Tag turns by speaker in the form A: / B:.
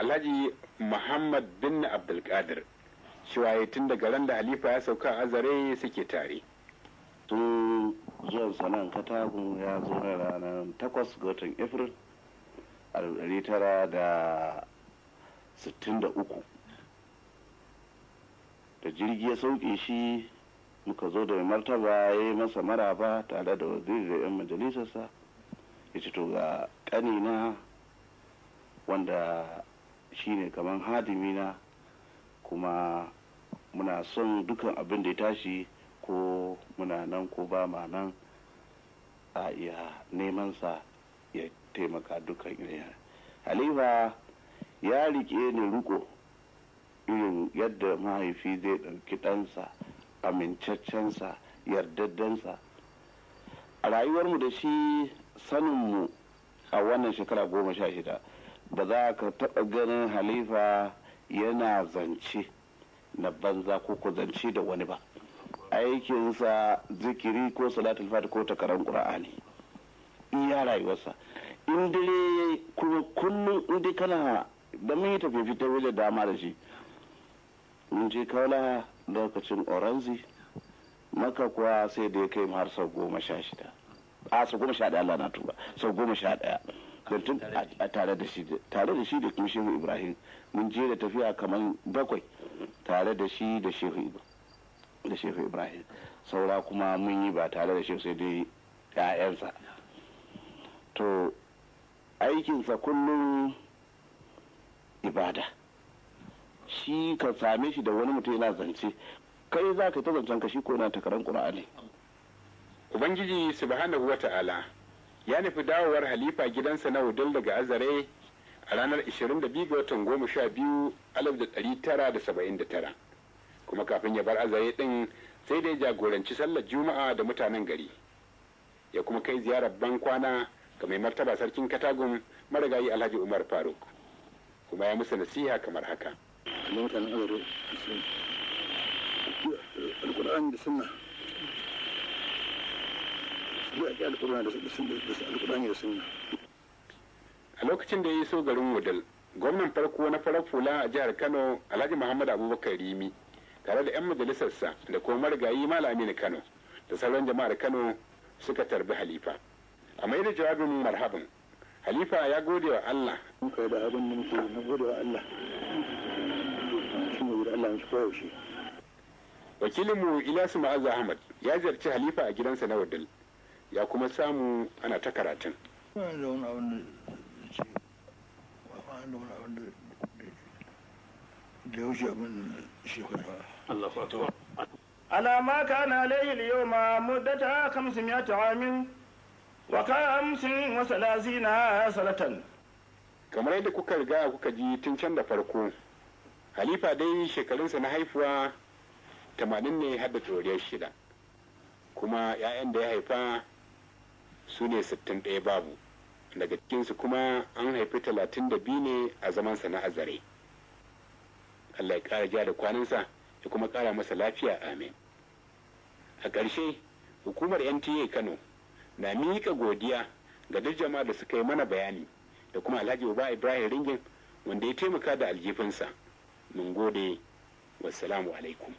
A: alhaji muhammad bin abdulkadir shiwaye tun daga ran da halifa ya sauka a azare suke tare
B: tun zuwan sanan katagun ya zo na ranar 8 ga watan april tara da da uku jirgi ya sauke shi muka zo da martaba ya yi masa maraba tare da waziri da 'yan majalisarsa ya ci to ga ƙanina wanda shine kamar hadimi na kuma muna son dukan abin da ya tashi ko muna nan ko ba ma nan a iya neman sa ya taimaka dukan irin halifa ya rike ni riko irin yadda mahaifi zai ɗauki ɗansa amincaccensa yardaddansa a rayuwarmu da shi sanin mu a wannan shekara goma sha shida ba za ka taɓa ganin halifa yana zance na banza ko ko zance da wani ba aikinsa zikiri ko salatul fati ko takarar ƙura'ani iya rayuwarsa in dare kuma kullum in dai kana da mun yi tafiye fitar wajen dama da shi mun je kawala lokacin oranzi maka kuwa sai da ya kai har sau goma sha shida a sau goma sha daya lana tuba sau goma sha daya tun a tare da shi tare da shi da kuma shehu ibrahim mun je da tafiya kamar bakwai tare da shi da shehu da shehu ibrahim saura kuma mun yi ba tare da shehu sai dai 'ya'yansa to aikinsa kullum ibada shi ka same shi da wani mutum yana zance kai za ka ta zancen ka shi ko na takarar ƙura'ani
A: ubangiji subhanahu wa ta'ala ya nufi dawowar halifa gidansa na wudil daga azare a ranar 22 ga watan 12 1979 kuma kafin ya bar azare din sai da ya jagoranci sallar juma'a da mutanen gari ya kuma kai ziyarar ban kwana ga mai martaba sarkin katagun marigayi alhaji umar faruk kuma ya musu nasiha kamar haka alƙur'ani da suna. a lokacin da ya so garin wadal gwamnan farko na farar fula a jihar kano alhaji muhammad abubakar rimi tare da 'yan majalisarsa da kuma marigayi malami na kano da sauran jama'ar kano suka tarbi halifa a mai da jawabin marhaban halifa ya gode wa allah wakilinmu ilyasu ma'azu ahmad ya ziyarci halifa a gidansa na wadal ya kuma samu ana ta karatun
B: alamaka na layil yau ma muddata kamsi ya ta'amin wa kamsin wasa lazina salatan
A: kamar yadda kuka riga kuka ji tun can da farko halifa dai shekarunsa na haifuwa tamanin ne har da shida kuma 'ya'yan da ya haifa su ne 61 babu daga cikinsu kuma an haifi 32 ne a sana a zare allah ya kara ja da kwaninsa ya kuma ƙara masa lafiya amin a ƙarshe hukumar nta kano na miƙa godiya ga duk jama'a da suka yi mana bayani da kuma alhaji uba ibrahim ringin wanda ya taimaka da aljifinsa mun gode wassalamu alaikum